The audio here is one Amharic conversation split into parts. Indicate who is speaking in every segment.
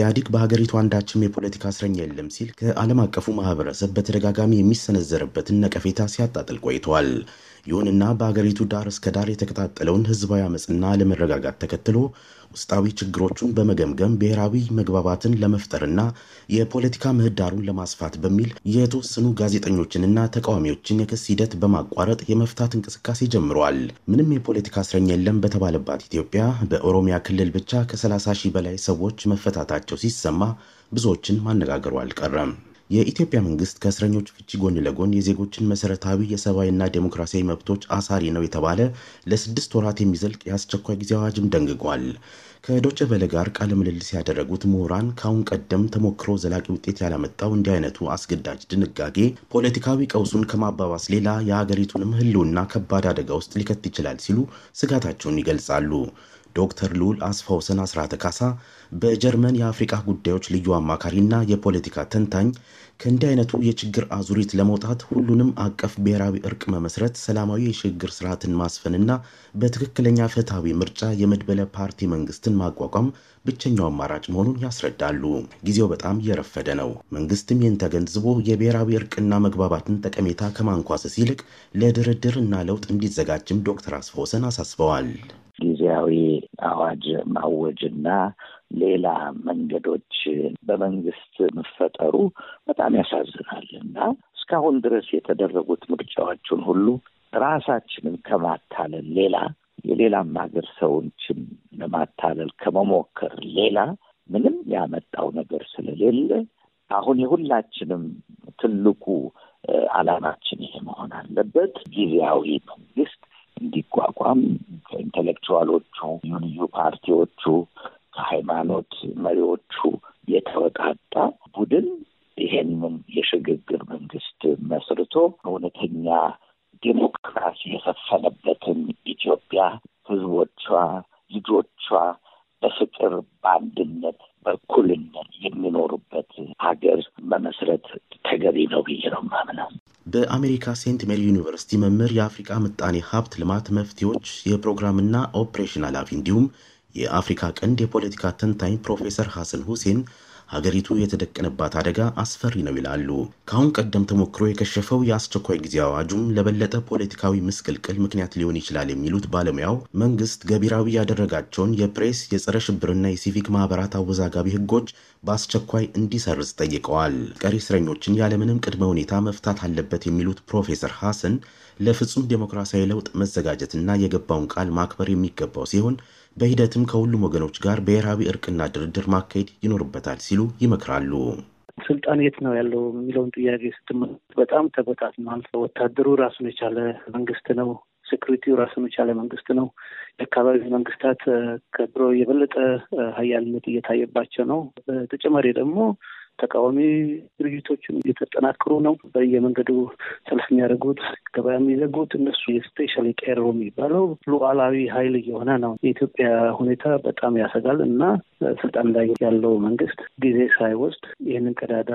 Speaker 1: ኢህአዲግ በሀገሪቱ አንዳችም የፖለቲካ እስረኛ የለም ሲል ከዓለም አቀፉ ማህበረሰብ በተደጋጋሚ የሚሰነዘርበትን ነቀፌታ ሲያጣጥል ቆይተዋል። ይሁንና በሀገሪቱ ዳር እስከ ዳር የተቀጣጠለውን ህዝባዊ አመፅና አለመረጋጋት ተከትሎ ውስጣዊ ችግሮቹን በመገምገም ብሔራዊ መግባባትን ለመፍጠርና የፖለቲካ ምህዳሩን ለማስፋት በሚል የተወሰኑ ጋዜጠኞችንና ተቃዋሚዎችን የክስ ሂደት በማቋረጥ የመፍታት እንቅስቃሴ ጀምረዋል። ምንም የፖለቲካ እስረኛ የለም በተባለባት ኢትዮጵያ በኦሮሚያ ክልል ብቻ ከ30 ሺህ በላይ ሰዎች መፈታታቸው መለቀቃቸው ሲሰማ ብዙዎችን ማነጋገሩ አልቀረም። የኢትዮጵያ መንግስት ከእስረኞች ፍቺ ጎን ለጎን የዜጎችን መሰረታዊ የሰብአዊና ዴሞክራሲያዊ መብቶች አሳሪ ነው የተባለ ለስድስት ወራት የሚዘልቅ የአስቸኳይ ጊዜ አዋጅም ደንግጓል። ከዶቸ በለ ጋር ቃለ ምልልስ ያደረጉት ምሁራን ከአሁን ቀደም ተሞክሮ ዘላቂ ውጤት ያላመጣው እንዲህ አይነቱ አስገዳጅ ድንጋጌ ፖለቲካዊ ቀውሱን ከማባባስ ሌላ የሀገሪቱንም ህልውና ከባድ አደጋ ውስጥ ሊከት ይችላል ሲሉ ስጋታቸውን ይገልጻሉ። ዶክተር ልዑል አስፋውሰን አስራተ ካሳ በጀርመን የአፍሪቃ ጉዳዮች ልዩ አማካሪና የፖለቲካ ተንታኝ ከእንዲህ አይነቱ የችግር አዙሪት ለመውጣት ሁሉንም አቀፍ ብሔራዊ እርቅ መመስረት፣ ሰላማዊ የሽግግር ስርዓትን ማስፈንና በትክክለኛ ፍትሐዊ ምርጫ የመድበለ ፓርቲ መንግስትን ማቋቋም ብቸኛው አማራጭ መሆኑን ያስረዳሉ። ጊዜው በጣም የረፈደ ነው። መንግስትም ይህን ተገንዝቦ የብሔራዊ እርቅና መግባባትን ጠቀሜታ ከማንኳሰስ ይልቅ ለድርድር እና ለውጥ እንዲዘጋጅም ዶክተር አስፈወሰን አሳስበዋል። ጊዜያዊ አዋጅ ማወጅና ሌላ መንገዶች
Speaker 2: በመንግስት መፈጠሩ በጣም ያሳዝናል እና እስካሁን ድረስ የተደረጉት ምርጫዎችን ሁሉ ራሳችንን ከማታለል ሌላ የሌላም ሀገር ሰዎችን ለማታለል ከመሞከር ሌላ ምንም ያመጣው ነገር ስለሌለ አሁን የሁላችንም ትልቁ ዓላማችን ይሄ መሆን አለበት። ጊዜያዊ መንግስት እንዲቋቋም ከኢንቴሌክቹዋሎቹ የሽግግር መንግስት መስርቶ እውነተኛ ዲሞክራሲ የሰፈነበትን ኢትዮጵያ ህዝቦቿ፣ ልጆቿ በፍቅር በአንድነት በእኩልነት የሚኖሩበት ሀገር መመስረት ተገቢ ነው ብዬ ነው የማምነው።
Speaker 1: በአሜሪካ ሴንት ሜሪ ዩኒቨርሲቲ መምህር የአፍሪካ ምጣኔ ሀብት ልማት መፍትሄዎች የፕሮግራምና ኦፕሬሽን ኃላፊ እንዲሁም የአፍሪካ ቀንድ የፖለቲካ ተንታኝ ፕሮፌሰር ሀሰን ሁሴን ሀገሪቱ የተደቀነባት አደጋ አስፈሪ ነው ይላሉ። ከአሁን ቀደም ተሞክሮ የከሸፈው የአስቸኳይ ጊዜ አዋጁም ለበለጠ ፖለቲካዊ ምስቅልቅል ምክንያት ሊሆን ይችላል የሚሉት ባለሙያው መንግስት ገቢራዊ ያደረጋቸውን የፕሬስ የጸረ ሽብርና የሲቪክ ማህበራት አወዛጋቢ ህጎች በአስቸኳይ እንዲሰርዝ ጠይቀዋል። ቀሪ እስረኞችን ያለምንም ቅድመ ሁኔታ መፍታት አለበት የሚሉት ፕሮፌሰር ሐሰን ለፍጹም ዴሞክራሲያዊ ለውጥ መዘጋጀትና የገባውን ቃል ማክበር የሚገባው ሲሆን በሂደትም ከሁሉም ወገኖች ጋር ብሔራዊ እርቅና ድርድር ማካሄድ ይኖርበታል ሲሉ ይመክራሉ።
Speaker 3: ስልጣን የት ነው ያለው የሚለውን ጥያቄ ስትመለከት በጣም ተበታትኗል። ወታደሩ ራሱን የቻለ መንግስት ነው። ሴኩሪቲው ራሱን የቻለ መንግስት ነው። የአካባቢ መንግስታት ከድሮ የበለጠ ሀያልነት እየታየባቸው ነው። በተጨማሪ ደግሞ ተቃዋሚ ድርጅቶችን እየተጠናክሩ ነው። በየመንገዱ ሰልፍ የሚያደርጉት ገበያ የሚዘጉት እነሱ የስፔሻሊ ቀሮ የሚባለው ሉዓላዊ ሀይል እየሆነ ነው። የኢትዮጵያ ሁኔታ በጣም ያሰጋል እና ስልጣን ላይ ያለው መንግስት ጊዜ ሳይወስድ ይህንን ቀዳዳ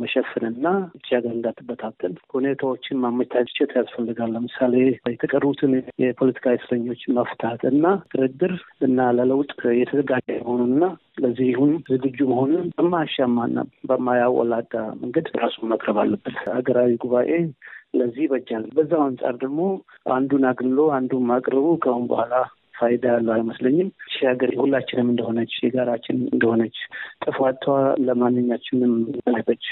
Speaker 3: መሸፈንና ብቻ እንዳትበታተን ሁኔታዎችን ማመቻቸት ያስፈልጋል። ለምሳሌ የተቀሩትን የፖለቲካ እስረኞች መፍታት እና ድርድር እና ለለውጥ የተዘጋጀ መሆኑንና ይሁን ዝግጁ መሆኑን በማያሻማና በማያወላዳ መንገድ ራሱን መቅረብ አለበት። ሀገራዊ ጉባኤ ለዚህ ይበጃል። በዛው አንጻር ደግሞ አንዱን አግሎ አንዱን ማቅረቡ ከአሁን በኋላ ፋይዳ ያለው አይመስለኝም። ሺ ሀገር ሁላችንም እንደሆነች የጋራችን እንደሆነች ጥፋቷ ለማንኛችንም ናቶች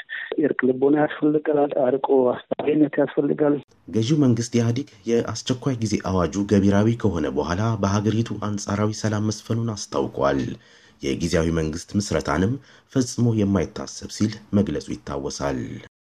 Speaker 3: እርቅ ልቦና ያስፈልጋል። አርቆ አስተዋይነት ያስፈልጋል።
Speaker 1: ገዢው መንግስት ኢህአዲግ የአስቸኳይ ጊዜ አዋጁ ገቢራዊ ከሆነ በኋላ በሀገሪቱ አንጻራዊ ሰላም መስፈኑን አስታውቋል። የጊዜያዊ መንግስት ምስረታንም ፈጽሞ የማይታሰብ ሲል መግለጹ ይታወሳል።